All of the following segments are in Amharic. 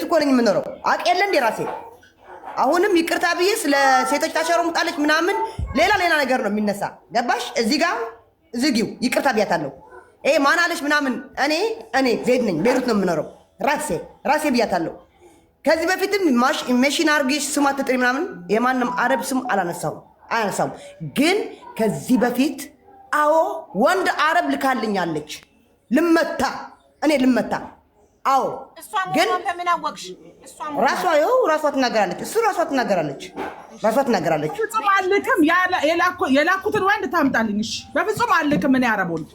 እኮ ነኝ የምኖረው። አቅ የለ እንዴ ራሴ አሁንም ይቅርታ ብዬ ስለ ሴቶች ምጣለች ምናምን ሌላ ሌላ ነገር ነው የሚነሳ። ገባሽ? እዚህ ጋ ዝጊው ይቅርታ ብያታለሁ። ይ ማናለች ምናምን እኔ እኔ ዜድ ነኝ፣ ቤሩት ነው የምኖረው። ራሴ ራሴ ብያታለሁ። ከዚህ በፊትም መሽን አርጌሽ ስም አትጥሪ ምናምን የማንም አረብ ስም አላነሳሁም አያነሳውም። ግን ከዚህ በፊት አዎ ወንድ አረብ ልካልኛለች። ልመታ እኔ ልመታ አዎ ግን ለምን አወቅሽ? ራሷ ይኸው ራሷ ትናገራለች። እሱ ራሷ ትናገራለች። ራሷ ትናገራለች። በፍጹም አልክም። የላኩትን ወንድ ታምጣልኝ። እሺ፣ በፍጹም አልክም። እኔ አረብ ወንድ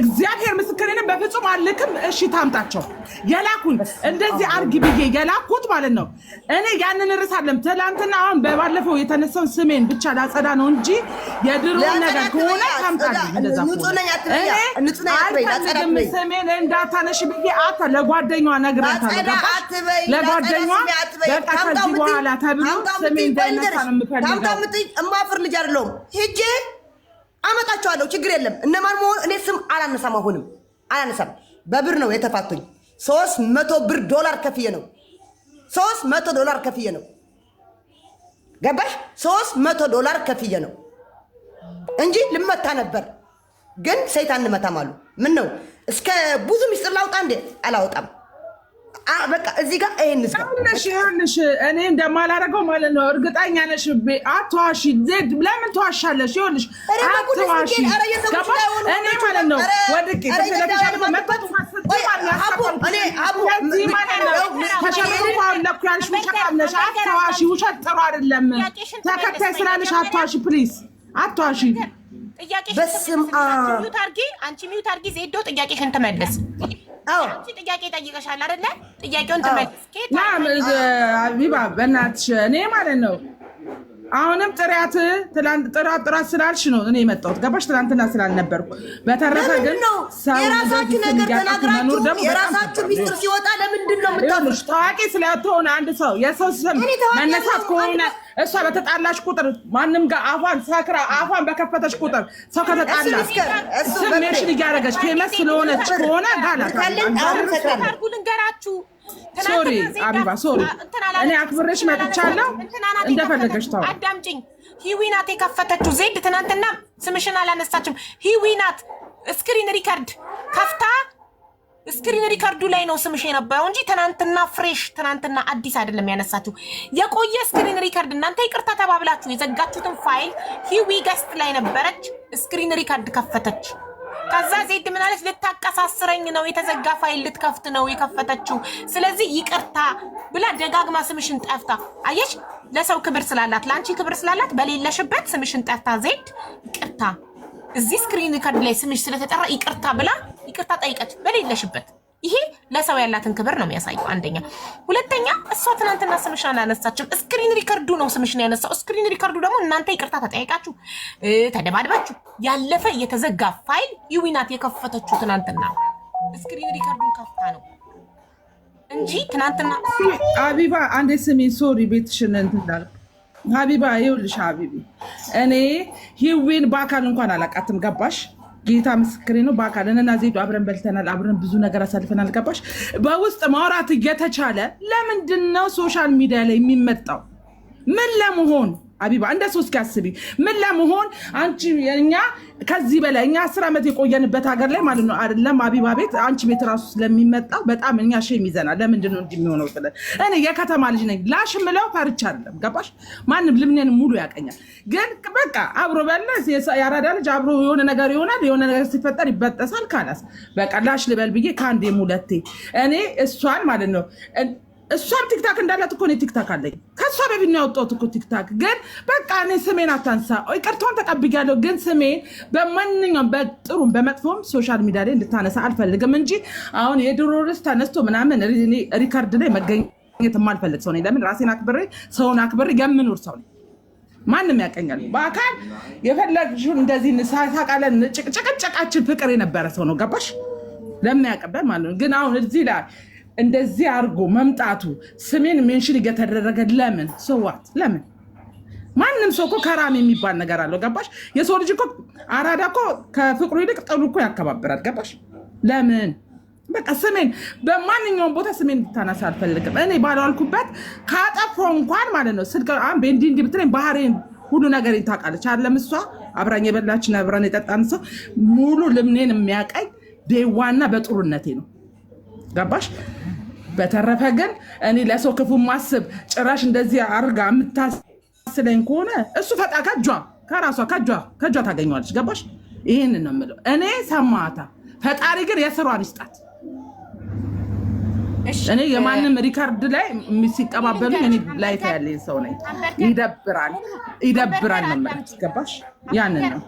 እግዚአብሔር ምስክር በፍጹም አልክም። እሺ፣ ታምጣቸው። የላኩኝ እንደዚህ አርግ ብዬ የላኩት ማለት ነው። እኔ ያንን እርሳለም። ትናንትና አሁን በባለፈው የተነሳውን ስሜን ብቻ ላጸዳ ነው እንጂ የድሮ ነገር ከሆነ ታምጣልኝ። አልፈልግም። ስሜን እንዳታነሽ ብዬ አታ ለጓደኛዋ ነግራታለሁ። ጓደኛ በቃ ከዚህ በኋላ ተብሎ ስሜ እንዳይነሳ ነው የምፈልገው። እማፍር ልጅ አይደለሁም። ሂጄ አመጣቸዋለሁ። ችግር የለም። እነማን መሆን እኔ ስም አላነሳም፣ አሁንም አላነሳም። በብር ነው የተፋቶኝ። ሶስት መቶ ብር ዶላር ከፍዬ ነው። ሶስት መቶ ዶላር ከፍዬ ነው። ገባሽ? ሶስት መቶ ዶላር ከፍዬ ነው እንጂ ልመታ ነበር። ግን ሰይጣን እንመታም አሉ። ምን ነው እስከ ብዙ ሚስጥር ላውጣ እንዴ? አላወጣም በቃ እዚህ ጋር ይሄን ይኸውልሽ፣ እኔ እንደማላደርገው ማለት ነው። እርግጠኛ ነሽ? አትዋሺ። ለምን ተዋሻለሽ? ይኸውልሽ፣ አትዋሺ። እኔ ማለት ነው ወድቄ አትዋሺ። ውሸት ጥሩ አይደለም። ተከታይ ስላለሽ አትዋሺ። ፕሊዝ አትዋሺ። ጥያቄሽን ትመልስ። ሚውት አድርጊ፣ አንቺ ሚውት አድርጊ። ዜዶ ጥያቄሽን ትመልስ። አንቺ ጥያቄ ጠይቀሻል አይደለ? ጥያቄውን ተመልስ ሀቢባ፣ በእናትሽ እኔ ማለት ነው አሁንም ጥሪያት ትላንት ጥራት ጥራት ስላልሽ ነው እኔ የመጣሁት ገባሽ። ትላንትና ስላልነበርኩ በተረፈ ግን የራሳችሁ ነገር ተናግራችሁ የራሳችሁ ሚስጥር ሲወጣ ለምንድን ነው የምታምሽ? ታዋቂ ስለተሆነ አንድ ሰው የሰው ስም መነሳት ከሆነ እሷ በተጣላሽ ቁጥር ማንም ጋር አፏን ሳክራ አፏን በከፈተች ቁጥር ሰው ከተጣላ ስም ሜሽን እያደረገች ፌመስ ስለሆነች ከሆነ ጋላ ልንገራችሁ ሶሪ አቢባ ሶሪ፣ እኔ አክብሬሽ መጥቻለሁ። እንደፈለገሽ ታው አዳምጪኝ። ሂዊናት የከፈተችው ዜድ ትናንትና ስምሽን አላነሳችም። ናት ስክሪን ሪከርድ ከፍታ ስክሪን ሪከርዱ ላይ ነው ስምሽ የነበረው እንጂ ትናንትና ፍሬሽ፣ ትናንትና አዲስ አይደለም ያነሳችሁ። የቆየ ስክሪን ሪከርድ እናንተ ይቅርታ ተባብላችሁ የዘጋችሁትን ፋይል ሂዊ ገስት ላይ ነበረች። ስክሪን ሪከርድ ከፈተች። ከዛ ሴት ምናለች ልታቀሳስረኝ ነው፣ የተዘጋ ፋይል ልትከፍት ነው የከፈተችው፣ ስለዚህ ይቅርታ ብላ ደጋግማ ስምሽን ጠፍታ። አየሽ፣ ለሰው ክብር ስላላት፣ ለአንቺ ክብር ስላላት በሌለሽበት ስምሽን ጠፍታ፣ ዜድ ይቅርታ፣ እዚህ ስክሪን ካርድ ላይ ስምሽ ስለተጠራ ይቅርታ ብላ ይቅርታ ጠይቀች በሌለሽበት ይሄ ለሰው ያላትን ክብር ነው የሚያሳየው። አንደኛ። ሁለተኛ እሷ ትናንትና ስምሽን አላነሳችም። ስክሪን ሪከርዱ ነው ስምሽን ያነሳው። ስክሪን ሪከርዱ ደግሞ እናንተ ይቅርታ ተጠያይቃችሁ ተደባድባችሁ ያለፈ የተዘጋ ፋይል ዩዊናት የከፈተችው ትናንትና ስክሪን ሪከርዱን ከፍታ ነው እንጂ ትናንትና። አቢባ አንዴ ስሚ፣ ሶሪ ቤትሽን እንትንዳል ሀቢባ ይኸውልሽ፣ ሀቢቢ እኔ ሂዊን በአካል እንኳን አላውቃትም። ገባሽ ጌታ ምስክሬ ነው። በአካል እኔና ዜዶ አብረን በልተናል፣ አብረን ብዙ ነገር አሳልፈናል። ገባሽ? በውስጥ ማውራት እየተቻለ ለምንድን ነው ሶሻል ሚዲያ ላይ የሚመጣው? ምን ለመሆን አቢባ እንደ ሶስት ያስቢ ምን ለመሆን አንቺ የኛ ከዚህ በላይ እኛ አስር ዓመት የቆየንበት ሀገር ላይ ማለት ነው አይደለም። አቢባ ቤት አንቺ ቤት ራሱ ስለሚመጣው በጣም እኛ ሼም ይዘናል። ለምንድን ነው እንዲህ የሚሆነው? ስለ እኔ የከተማ ልጅ ነኝ ላሽ ምለው ፈርቻ አለም ገባሽ? ማንም ልምኔን ሙሉ ያቀኛል። ግን በቃ አብሮ በለ የአራዳ ልጅ አብሮ የሆነ ነገር ይሆናል። የሆነ ነገር ሲፈጠር ይበጠሳል። ካላስ በቃ ላሽ ልበል ብዬ ከአንዴም ሁለቴ እኔ እሷን ማለት ነው እሷም ቲክታክ እንዳላት እኮ እኔ ቲክታክ አለኝ። ከእሷ በፊት ነው ያወጣሁት እኮ ቲክታክ። ግን በቃ እኔ ስሜን አታንሳ። ይቅርታውን ተቀብያለሁ፣ ግን ስሜን በማንኛውም በጥሩም በመጥፎም ሶሻል ሚዲያ ላይ እንድታነሳ አልፈልግም እንጂ አሁን የድሮ ርስ ተነስቶ ምናምን ሪከርድ ላይ መገኘት የማልፈልግ ሰው ነኝ። ለምን ራሴን አክብሬ ሰውን አክብሬ የምኖር ሰው ነኝ። ማንም ያቀኛል። በአካል የፈለግሽውን እንደዚህ ሳሳቃለን ጭቅጭቅጭቃችን ፍቅር የነበረ ሰው ነው። ገባሽ? ለሚያቀበል ማለት ነው። ግን አሁን እዚህ ላይ እንደዚህ አድርጎ መምጣቱ ስሜን ሜንሽን እየተደረገ ለምን ስዋት ለምን ማንም ሰው እኮ ከራም የሚባል ነገር አለው። ገባሽ? የሰው ልጅ እኮ አራዳ እኮ ከፍቅሩ ይልቅ ጥሉ እኮ ያከባብራል። ገባሽ? ለምን በቃ ስሜን በማንኛውም ቦታ ስሜን እንድታነሳ አልፈልግም። እኔ ባለዋልኩበት ካጠፋሁ እንኳን ማለት ነው ስልክ ቤንዲ እንዲ ብትለኝ ባህሬን ሁሉ ነገር ታውቃለች። አለም እሷ አብራኝ የበላችን አብራን የጠጣን ሰው ሙሉ ልምኔን የሚያቀኝ ዴዋና በጥሩነቴ ነው ገባሽ? በተረፈ ግን እኔ ለሰው ክፉ ማስብ ጭራሽ እንደዚህ አርጋ የምታስለኝ ከሆነ እሱ ፈጣ ከጇ ከራሷ ከጇ ከጇ ታገኘዋለች። ገባሽ? ይህን ነው የምለው እኔ ሰማታ። ፈጣሪ ግን የስሯን ይስጣት። እኔ የማንም ሪካርድ ላይ ሲቀባበሉ እኔ ላይ ያለኝ ሰው ነኝ። ይደብራል፣ ይደብራል ነው ገባሽ? ያንን ነው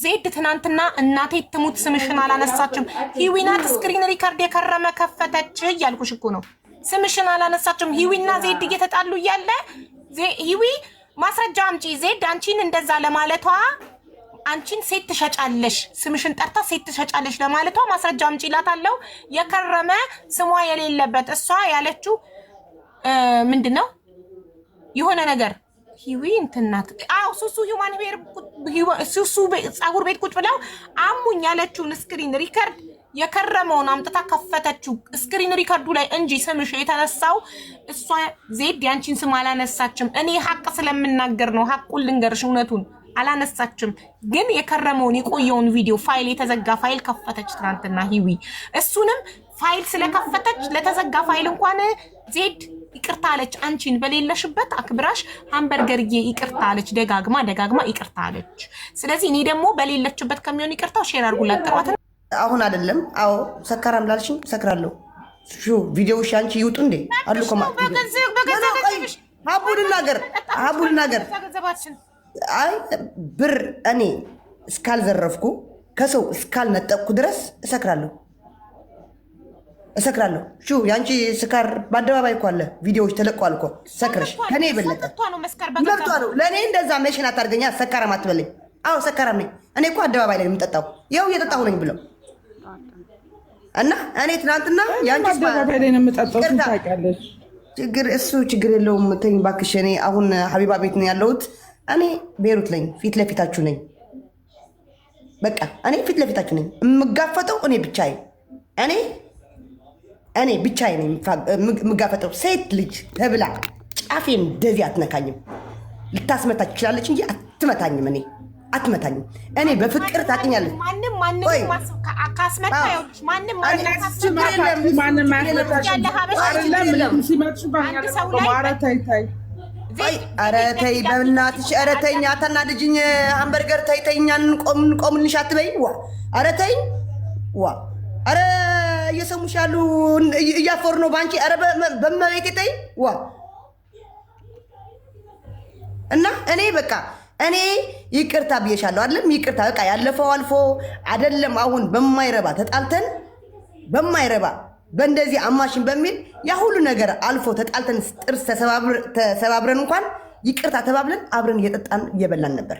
ዜድ ትናንትና እናቴ ትሙት ስምሽን አላነሳችም። ሂዊናት ስክሪን ሪካርድ የከረመ ከፈተች እያልኩሽ እኮ ነው። ስምሽን አላነሳችም። ሂዊና ዜድ እየተጣሉ እያለ ሂዊ ማስረጃ አምጪ፣ ዜድ አንቺን እንደዛ ለማለቷ አንቺን ሴት ትሸጫለሽ፣ ስምሽን ጠርታ ሴት ትሸጫለሽ ለማለቷ ማስረጃ አምጪ እላታለሁ። የከረመ ስሟ የሌለበት እሷ ያለችው ምንድን ነው የሆነ ነገር ሂዊ እንትናት አው ሱሱ ሂውማን ሄር ሱሱ ፀጉር ቤት ቁጭ ብለው አሙኝ ያለችውን ስክሪን ሪከርድ የከረመውን አምጥታ ከፈተችው ስክሪን ሪከርዱ ላይ እንጂ ስምሽ የተነሳው እሷ ዜድ ያንቺን ስም አላነሳችም። እኔ ሀቅ ስለምናገር ነው። ሀቁን ልንገርሽ፣ እውነቱን አላነሳችም። ግን የከረመውን የቆየውን ቪዲዮ ፋይል፣ የተዘጋ ፋይል ከፈተች ትናንትና ሂዊ። እሱንም ፋይል ስለከፈተች ለተዘጋ ፋይል እንኳን ዜድ ይቅርታ አለች። አንቺን በሌለሽበት አክብራሽ ሀምበርገርዬ ይቅርታ አለች። ደጋግማ ደጋግማ ይቅርታ አለች። ስለዚህ እኔ ደግሞ በሌለችበት ከሚሆን ይቅርታ ሼር አድርጉላት። ጥሯት አሁን አይደለም። አዎ ሰካራም ላልሽኝ ሰክራለሁ። ቪዲዮዎች አንቺ ይውጡ እንዴ አሉ ሀቡልናገር አይ ብር እኔ እስካልዘረፍኩ ከሰው እስካልነጠቅኩ ድረስ እሰክራለሁ። እሰክራለሁ ሹ የአንቺ ስካር በአደባባይ እኮ አለ፣ ቪዲዮዎች ተለቋል እኮ ሰክረሽ። ከኔ የበለጠ መብቷ ነው። ለእኔ እንደዛ መሽን አታርገኛ። ሰካራም አትበለኝ። አዎ ሰካራም ነኝ እኔ እኮ አደባባይ ላይ የምጠጣው ይኸው እየጠጣሁ ነኝ ብለው እና እኔ ትናንትና ችግር እሱ ችግር የለውም። ተኝ እባክሽ። እኔ አሁን ሀቢባ ቤት ነው ያለሁት። እኔ ቤሩት ነኝ፣ ፊት ለፊታችሁ ነኝ። በቃ እኔ ፊት ለፊታችሁ ነኝ። የምጋፈጠው እኔ ብቻዬ እኔ እኔ ብቻዬን የምጋፈጠው ሴት ልጅ ተብላ ጫፌ እንደዚህ አትነካኝም። ልታስመታ ትችላለች እንጂ አትመታኝም። እኔ አትመታኝም። እኔ በፍቅር ታውቂኛለች። ኧረ ተይ በእናትሽ፣ ኧረ ተይኝ፣ አታናድጂኝ። ሀምበርገር ተይ ተይኝ፣ ቆምንሽ አትበይኝ። ዋ ኧረ ተይኝ ዋ ኧረ እየሰሙሽ ያሉ እያፈሩ ነው በአንቺ። ኧረ በመሬት ዋ እና እኔ በቃ እኔ ይቅርታ ብዬሻለሁ፣ አይደለም ይቅርታ በቃ ያለፈው አልፎ አይደለም አሁን በማይረባ ተጣልተን በማይረባ በእንደዚህ አማሽን በሚል ያ ሁሉ ነገር አልፎ ተጣልተን ጥርስ ተሰባብረን እንኳን ይቅርታ ተባብለን አብረን እየጠጣን እየበላን ነበር።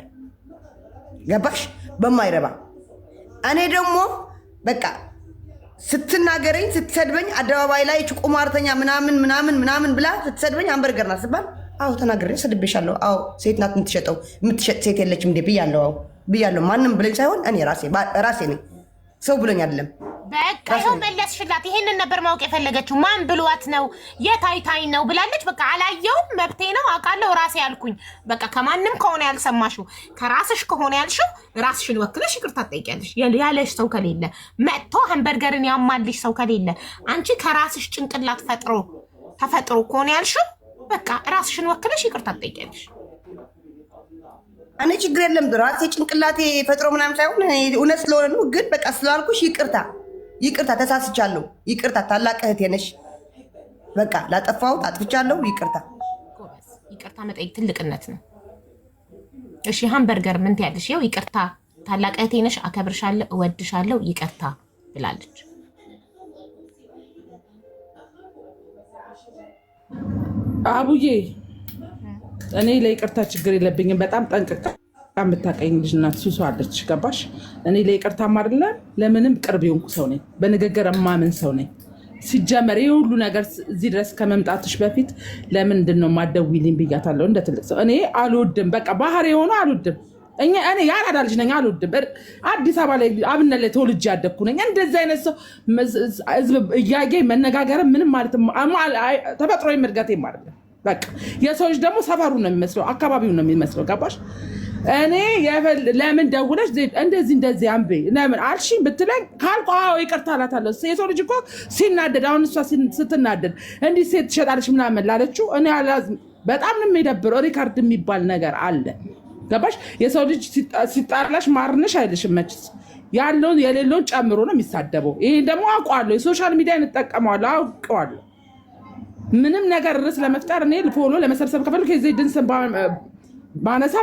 ገባሽ? በማይረባ እኔ ደግሞ በቃ ስትናገረኝ ስትሰድበኝ አደባባይ ላይ ቁማርተኛ ምናምን ምናምን ምናምን ብላ ስትሰድበኝ አንበርገር ናት ስባል አዎ ተናግሬ ሰድቤሻለሁ። አዎ ሴት ናት የምትሸጠው፣ የምትሸጥ ሴት የለችም እንዴ ብያለሁ። አዎ ብያለሁ። ማንም ብለኝ ሳይሆን እኔ ራሴ ራሴ ነኝ። ሰው ብሎኝ አይደለም። በቃ ይኸው መለስሽላት። ይሄንን ነበር ማወቅ የፈለገችው። ማን ብሏት ነው የታይታይ ነው ብላለች። በቃ አላየውም፣ መብቴ ነው አውቃለሁ፣ ራሴ ያልኩኝ። በቃ ከማንም ከሆነ ያልሰማሽው ከራስሽ ከሆነ ያልሽው ራስሽን ወክለሽ ይቅርታ ትጠይቂያለሽ። ያለሽ ሰው ከሌለ መጥቶ ሀምበርገርን ያማልሽ ሰው ከሌለ አንቺ ከራስሽ ጭንቅላት ፈጥሮ ተፈጥሮ ከሆነ ያልሽው በቃ ራስሽን ወክለሽ ይቅርታ ትጠይቂያለሽ። እኔ ችግር የለም ራሴ ጭንቅላቴ ፈጥሮ ምናምን ሳይሆን እውነት ስለሆነ ነው። ግን በቃ ስላልኩሽ ይቅርታ ይቅርታ፣ ተሳስቻለሁ፣ ይቅርታ። ታላቅ እህቴ ነሽ። በቃ ላጠፋሁት አጥፍቻለሁ፣ ይቅርታ። ይቅርታ መጠየቅ ትልቅነት ነው። እሺ ሃምበርገር ምን ትያለሽ? ይኸው ይቅርታ፣ ታላቅ እህቴ ነሽ፣ አከብርሻለሁ፣ እወድሻለሁ፣ ይቅርታ ብላለች። አቡዬ እኔ ለይቅርታ ችግር የለብኝም። በጣም ጠንቅቃ የምታቀኝ ልጅ ናት። ሱሱ አለች ገባሽ? እኔ ለይቅርታም አይደለም ለምንም ቅርብ የሆንኩ ሰው ነኝ። በንግግር የማምን ሰው ነኝ። ሲጀመር ይህ ሁሉ ነገር እዚህ ድረስ ከመምጣትሽ በፊት ለምንድን ነው የማትደውይልኝ ብያታለሁ። እንደ ትልቅ ሰው እኔ አልወድም። በቃ ባህር የሆነ አልወድም። እኔ የአራዳ ልጅ ነኝ፣ አልወድም። አዲስ አበባ ላይ አብነት ላይ ተወልጄ ያደግኩ ነኝ። እንደዚህ አይነት ሰው ህዝብ እያየ መነጋገር ምንም ማለት ተፈጥሮ እድገቴ ማለት ነው በቃ የሰው ልጅ ደግሞ ሰፈሩ ነው የሚመስለው፣ አካባቢው ነው የሚመስለው። ገባሽ? እኔ ለምን ደውለሽ እንደዚህ እንደዚህ አንቤ ለምን አልሽኝ ብትለኝ ካልኩ አዎ ይቅርታ እላታለሁ። የሰው ልጅ እኮ ሲናደድ፣ አሁን እሷ ስትናደድ እንዲህ ሴት ትሸጣለች ምናምን ላለችው እኔ በጣም ነው የሚደብረው። ሪካርድ የሚባል ነገር አለ። ገባሽ? የሰው ልጅ ሲጣላሽ ማርነሽ አይልሽም መችስ ያለውን የሌለውን ጨምሮ ነው የሚሳደበው። ይህ ደግሞ አውቀዋለሁ፣ የሶሻል ሚዲያ እንጠቀመዋለሁ፣ አውቀዋለሁ ምንም ነገር ርዕስ ለመፍጠር እኔ ፎሎ ለመሰብሰብ ከፈለኩ የዘይድን ስም ባነሳ